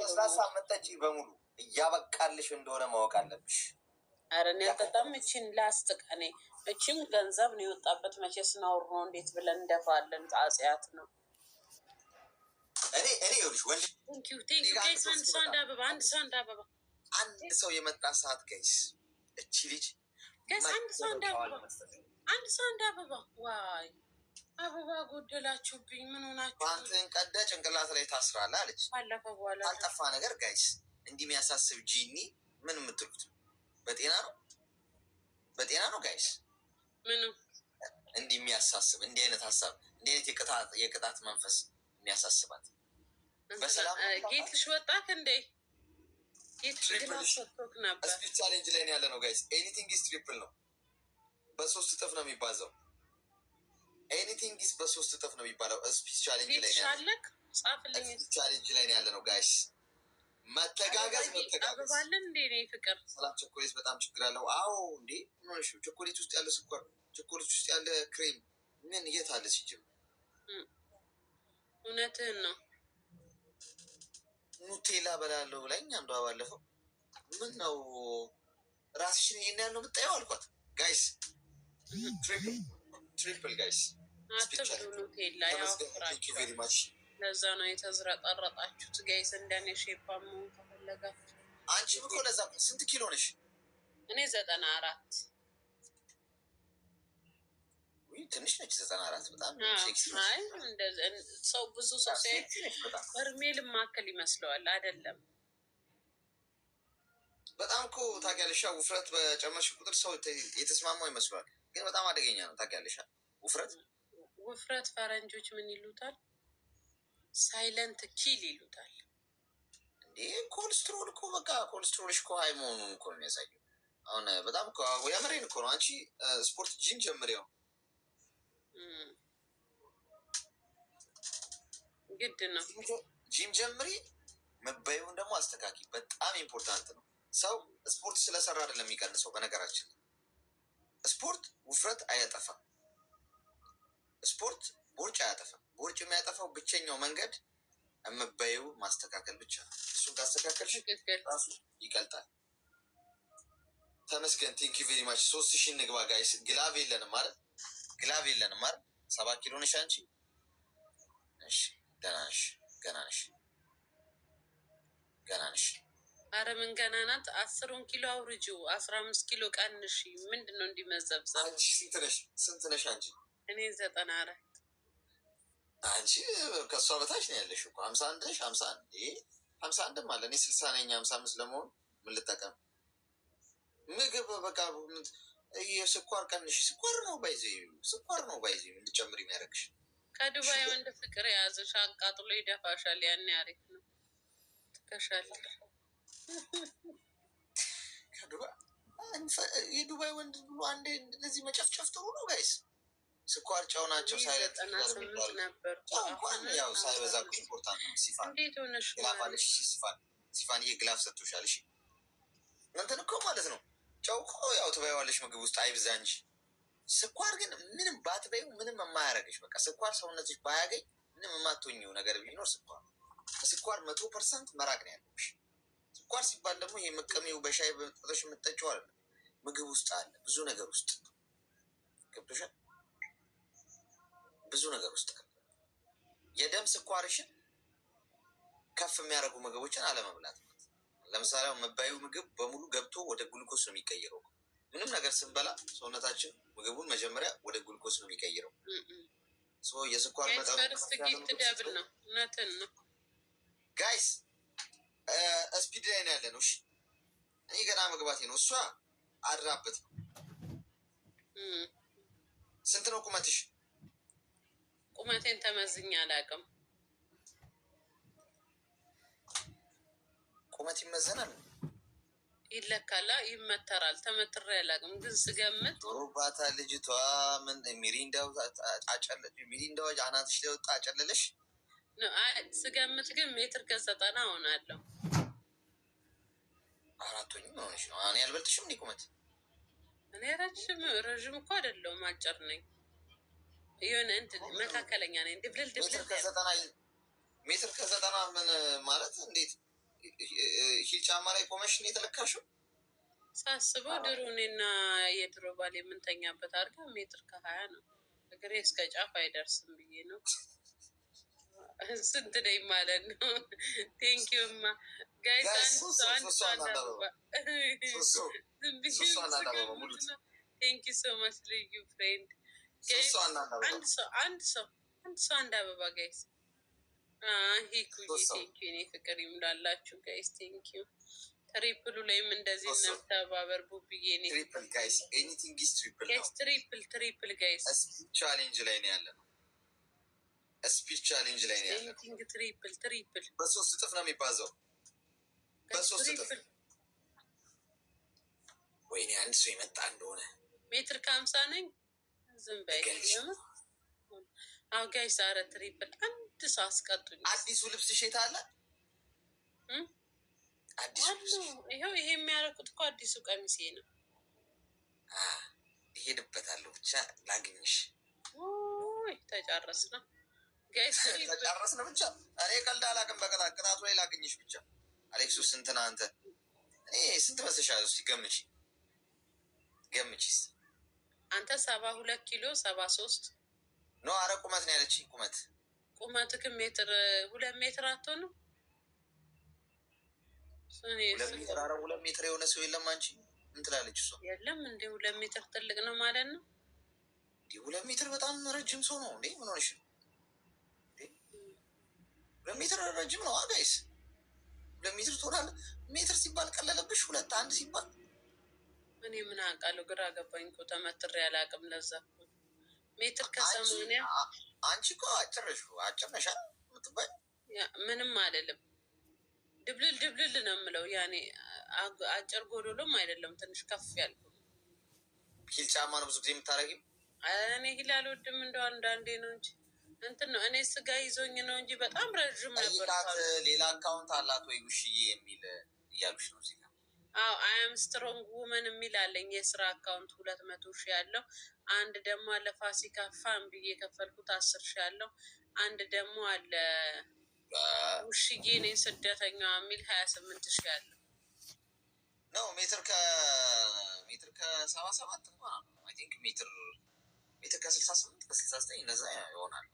ለስላሳ መጠጪ በሙሉ እያበቃልሽ እንደሆነ ማወቅ አለብሽ። አረ እኔ አልጠጣም። እችን ላስጥቅ እኔ እችም ገንዘብ ነው የወጣበት። መቼ ስናወር ነው እንዴት ብለን እንደፋለን። ጣጽያት ነው እኔ እኔ ይኸውልሽ ወንድ አንድ አበባ አንድ ሰው አንድ አበባ አንድ ሰው የመጣ ሰዓት ገይስ እቺ ልጅ ገይስ አንድ ሰው አንድ አበባ አንድ ሰው አንድ አበባ ዋይ አበባ ጎደላችሁብኝ፣ ምን ሆናችሁ? ፓንትን ቀደ ጭንቅላት ላይ ታስራለ አለች። አለፈ በኋላ አልጠፋ ነገር ጋይስ፣ እንዲህ የሚያሳስብ ጂኒ ምን የምትሉት በጤና ነው? በጤና ነው ጋይስ? ምኑ እንዲህ የሚያሳስብ እንዲህ አይነት ሀሳብ እንዲህ አይነት የቅጣት መንፈስ የሚያሳስባት በሰላም ጌትሽ ወጣት እንዴ? ጌትሽ ግና ሰጥቶክ ነበር። ቻሌንጅ ላይ ያለ ነው ጋይስ። ኤኒቲንግ ስትሪፕል ነው። በሶስት እጥፍ ነው የሚባዛው ኤኒቲንግ ኢዝ በሶስት እጥፍ ነው የሚባለው። ስፒች ቻሌንጅ ላይ ስፒች ቻሌንጅ ላይ ያለ ነው ጋይስ። መተጋገዝ መተጋገዝለን እንዴ ፍቅር። ሰላም ቸኮሌት በጣም ችግር አለው። አዎ እንዴ ቸኮሌት ውስጥ ያለ ስኳር፣ ቸኮሌት ውስጥ ያለ ክሬም ምን የት አለ ሲጀምር? እውነትህን ነው። ኑቴላ በላለው ብላኝ አንዷ ባለፈው ምን ነው ራስሽን ይሄን ያህል ነው አልኳት። ጋይስ ትሪፕል ትሪፕል ጋይስ ለዛ ነው የተዝረጠረጣችሁት ጋይስ። እንደኔ ሼፓ መሆን ከፈለጋችሁ ለዛ ስንት ኪሎ ነሽ? እኔ ዘጠና አራት ትንሽ ነች። ዘጠና አራት በጣም ሰው ብዙ ሰው በርሜል ማከል ይመስለዋል። አይደለም በጣም እኮ ታውቂያለሽ፣ ውፍረት በጨመርሽ ቁጥር ሰው የተስማማው ይመስለዋል። ግን በጣም አደገኛ ነው ታውቂያለሽ ውፍረት ውፍረት ፈረንጆች ምን ይሉታል? ሳይለንት ኪል ይሉታል። ይህ ኮልስትሮል እኮ በቃ ኮሌስትሮልሽ እኮ ሀይ መሆኑን እኮ ነው የሚያሳየው። አሁን በጣም የምሬን እኮ ነው። አንቺ ስፖርት ጂም ጀምሪው ግድ ነው። ጂም ጀምሪ፣ መበዩን ደግሞ አስተካኪ። በጣም ኢምፖርታንት ነው። ሰው ስፖርት ስለሰራ አይደለም የሚቀንሰው። በነገራችን ስፖርት ውፍረት አያጠፋም። ቦርጭ አያጠፍም። ቦርጭ የሚያጠፋው ብቸኛው መንገድ የምበየው ማስተካከል ብቻ ነው። እሱን ካስተካከልሽ ራሱ ይቀልጣል። ተመስገን ቲንኪ ቬሪ ማች። ሶስት ሺ ንግባ ጋይስ። ግላቭ የለንም ማለት ግላቭ የለንም ማለት ሰባት ኪሎ ነሽ አንቺ። እሺ ደህና ነሽ፣ ገና ነሽ፣ ገና ነሽ። አረ ምን ገና ናት። አስሩን ኪሎ አውርጂው፣ አስራ አምስት ኪሎ ቀንሽ። ምንድን ነው እንዲመዘብዘብ? አንቺ ስንት ነሽ? ስንት ነሽ አንቺ? እኔ ዘጠና አራት አንቺ ከእሷ በታች ነው ያለሽ እኮ ሀምሳ አንድ ነሽ። ሀምሳ አንድ ሀምሳ አንድም አለ እኔ ስልሳ ነኝ። ሀምሳ አምስት ለመሆን ምን ልጠቀም? ምግብ በቃ ስኳር ቀንሽ። ስኳር ነው ባይዘ ስኳር ነው ባይዘ እንድጨምር የሚያደርግሽ ከዱባይ ወንድ ፍቅር የያዘሽ አቃጥሎ ይደፋሻል። ያን አሪፍ ነው ትከሻል። የዱባይ ወንድ ብሎ አንዴ እንደዚህ መጨፍጨፍ ጥሩ ነው ጋይስ ስኳር ጨው ናቸው። ሳይለት ያው ሳይበዛ ኢምፖርታንት ነው። ሲፋን ግላፋለሽ ሲፋን ሲፋን ግላፍ ሰጥቶሻል። እሺ እንትን እኮ ማለት ነው። ጨው እኮ ያው ትበይዋለሽ ምግብ ውስጥ አይብዛ እንጂ ስኳር ግን ምንም ባትበይው ምንም የማያረገሽ በቃ ስኳር ሰውነትሽ ባያገኝ ምንም የማትኝው ነገር ቢኖር ስኳር ከስኳር መቶ ፐርሰንት መራቅ ነው ያለብሽ። ስኳር ሲባል ደግሞ ይሄ መቀሚው በሻይ በመጠጦች የምጠጪው አለ ምግብ ውስጥ አለ ብዙ ነገር ውስጥ ገብቶሻል። ብዙ ነገር ውስጥ የደም ስኳርሽን ከፍ የሚያደርጉ ምግቦችን አለመብላት ለምሳሌ መባዩ ምግብ በሙሉ ገብቶ ወደ ጉልኮስ ነው የሚቀይረው። ምንም ነገር ስንበላ ሰውነታችን ምግቡን መጀመሪያ ወደ ጉልኮስ ነው የሚቀይረው። የስኳር መጠን ጋይስ ስፒድ ላይ ነው ያለ ነው። እሺ እኔ ገና መግባቴ ነው። እሷ አድራበት ነው። ስንት ነው ቁመትሽ? ቁመቴን ተመዝኝ አላውቅም። ቁመት ይመዘናል፣ ይለካላ፣ ይመተራል። ተመትሬ አላውቅም፣ ግን ስገምት ሩባታ ልጅቷ ምን ሚሪንዳው ሚሪንዳው አናትሽ ላይ ወጣ አጨለለሽ። ስገምት ግን ሜትር ከዘጠና ሆናለሁ። አራቶኝም ሆነሽ ነው። እኔ አልበልጥሽም። እኔ ቁመት እኔ ረዥም ረዥም እኮ አይደለሁም አጭር ነኝ። የሆነ መካከለኛ ነኝ። ድብልል ድብልል ሜትር ከዘጠና ምን ማለት እንዴት ሂል ጫማ ላይ ቆመሽ ነው የተለካሽው? ሳስበው ድሮ እኔና የድሮ ባል የምንተኛበት አድርጋ ሜትር ከሀያ ነው። እግሬ እስከ ጫፍ አይደርስም ብዬ ነው። ስንት ነኝ ማለት ነው? ማ ጋይስ አንድ አንድ ሰው ሰው ቴንኪዩ ሶ ማች ልዩ ፍሬንድ አንድ ሰው አንድ አበባ ጋይስ ቴንኪዩ ፍቅር ይምላላችሁ ጋይስ ቴንኪ ትሪፕሉ ላይም እንደዚህ እንተባበር ቡብዬ ትሪፕል ትሪፕል ጋይስ ቻሌንጅ ላይ ነው ያለ ነው። ስፒች ቻሌንጅ ላይ ነው ያለ ነው። ትሪፕል ትሪፕል በሶስት እጥፍ ነው የሚባዘው በሶስት እጥፍ ወይኔ አንድ ሰው የመጣ እንደሆነ ሜትር ከሀምሳ ነኝ ዝም በይ። አሁን ጋይስ ኧረ ትሪፕል አንድ ሰው አስቀጡኝ። አዲሱ ልብስ ሼት አለ። ይኸው ይሄ የሚያረቁት እኮ አዲሱ ቀሚሴ ነው። ይሄድበታለሁ ብቻ ላግኝሽ። ተጨረስ ነው ጋይስ፣ ተጨረስ ነው ብቻ። እኔ ቀልድ አላውቅም። በቀጣ ቅጣቱ ላይ ላግኝሽ ብቻ። አሌክሱስ እንትና አንተ እኔ ስንት መስሻ ገምች ገምችስ አንተ ሰባ ሁለት ኪሎ ሰባ ሶስት ኖ አረ ቁመት ነው ያለችኝ። ቁመት ቁመትክ ሜትር ሁለት ሜትር ነው ሁለት ሜትር የሆነ ሰው የለም። አንቺ ምን ትላለች እሷ? የለም እንደ ሁለት ሜትር ትልቅ ነው ማለት ነው። እንደ ሁለት ሜትር በጣም ረጅም ሰው ነው እንዴ! ምን ሆነሽ ነው? ሁለት ሜትር ረጅም ነው። አጋይስ ሁለት ሜትር ትሆናለህ። ሜትር ሲባል ቀለለብሽ። ሁለት አንድ ሲባል እኔ ምን አውቃለሁ፣ ግራ ገባኝ እኮ ተመትሬ አላውቅም። ለዛ እኮ ሜትር ከሰማንያ አንቺ እኮ አጭርሽ አጭርነሻ ምትባይ ምንም አይደለም። ድብልል ድብልል ነው የምለው። ያኔ አጭር ጎዶሎም አይደለም፣ ትንሽ ከፍ ያልኩ። ሂል ጫማ ነው ብዙ ጊዜ የምታደርጊው? እኔ ሂል አልወድም፣ እንደው አንዳንዴ ነው እንጂ እንትን ነው። እኔ ስጋ ይዞኝ ነው እንጂ በጣም ረዥም ነበር። ሌላ አካውንት አላት ወይ ውሽዬ የሚል እያሉሽ ነው እዚህ አዎ አይም ስትሮንግ ውመን የሚል አለኝ። የስራ አካውንት ሁለት መቶ ሺ ያለው አንድ ደግሞ አለ ፋሲካ ፋን ብዬ የከፈልኩት አስር ሺ ያለው አንድ ደግሞ አለ ውሽዬ እኔን ስደተኛዋ የሚል ሀያ ስምንት ሺ ያለው ነው። ሜትር ከሜትር ከሰባ ሰባት እንኳን ሜትር ሜትር ከስልሳ ስምንት ከስልሳ ዘጠኝ እነዛ ይሆናል።